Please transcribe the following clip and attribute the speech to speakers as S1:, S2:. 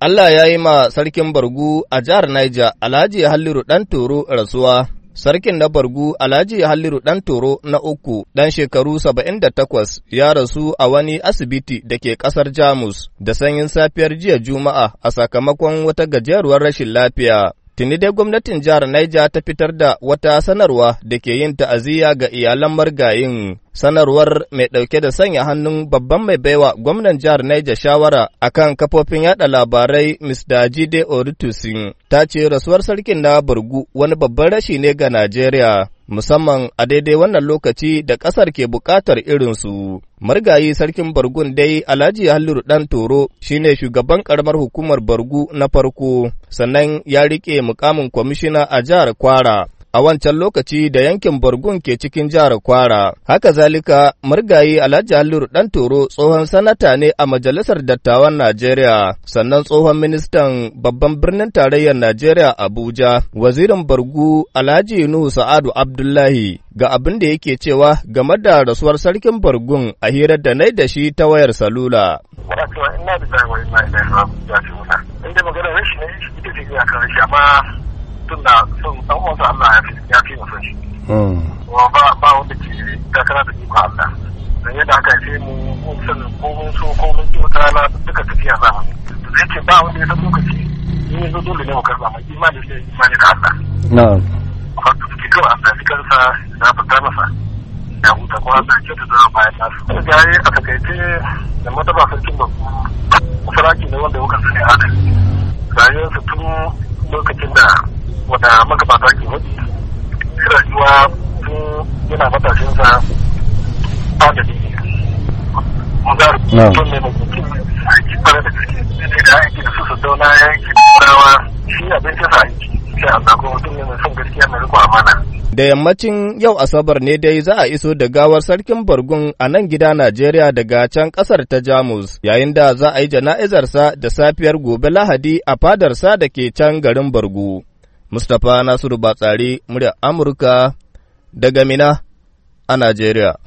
S1: Allah ya yi ma sarkin Bargu a jihar Niger Alhaji Halliru ɗan Toro rasuwa. Sarkin na Bargu Alhaji Halliru ɗan Toro na uku ɗan shekaru saba'in da takwas ya rasu a wani asibiti da ke ƙasar Jamus da sanyin safiyar jiya Juma'a a sakamakon wata gajeruwar rashin lafiya. Tuni dai gwamnatin jihar Niger ta fitar da wata sanarwa da ke yin ta'aziyya ga iyalan margayin sanarwar mai ɗauke da sanya hannun babban mai baiwa gwamnan jihar Niger shawara akan kafofin yada labarai Mr. Jide Orutusin ta ce rasuwar sarkin na Burgu wani babban rashi ne ga Najeriya. musamman a daidai wannan lokaci da ƙasar ke buƙatar irinsu. Margayi sarkin Bargun dai Alhaji Halliru ɗan Toro shi ne shugaban ƙaramar hukumar Bargu na farko, sannan ya riƙe mukamin kwamishina a jihar Kwara. a wancan lokaci da yankin Borgun ke cikin jihar Kwara. Haka zalika murgayi Alhaji Halliru Dan Toro tsohon sanata ne a Majalisar Dattawan Najeriya, sannan tsohon ministan babban birnin tarayyar Najeriya Abuja, wazirin Bargu Alhaji Nuhu Sa'adu Abdullahi. Ga abin da yake cewa game da rasuwar sarkin Bargun a hirar da nai da shi ta wayar salula. Wato ina da
S2: magana rashi ne ita ce amma mutum na son dan uwansa Allah ya fi mutum shi wa hmm. ba ba wanda ke takara da iko Allah dan yadda aka ce mu mun san ko mun so ko mun ki wata rana duka tafiya za mu to ce ba wanda ya san lokaci in yanzu dole ne mu karba mu imani sai imani da Allah na'am kuma duk cikin Allah cikin sa na fita masa ya huta ko Allah ya ta da bayan nasu da yayi a takaice da mata ba sarkin ba sarki ne wanda kuka sani adalci rayuwarsa tun lokacin da wanda magabata ke mai kira juwa tun yana matashin sa da adadi mazar tun ne mai aiki fara da gaske da aiki da su su dauna ya aiki da rawa shi abin ta sa aiki sai a sako mutum ne mai son gaskiya mai rikon amana
S1: da yammacin yau asabar ne dai za a iso da gawar sarkin bargun a nan gida Najeriya daga can kasar ta Jamus yayin da za a yi jana'izarsa da safiyar gobe Lahadi a fadarsa da ke can garin Bargu. Mustapha Nasiru Batsari, muryar Amurka daga Mina a Najeriya.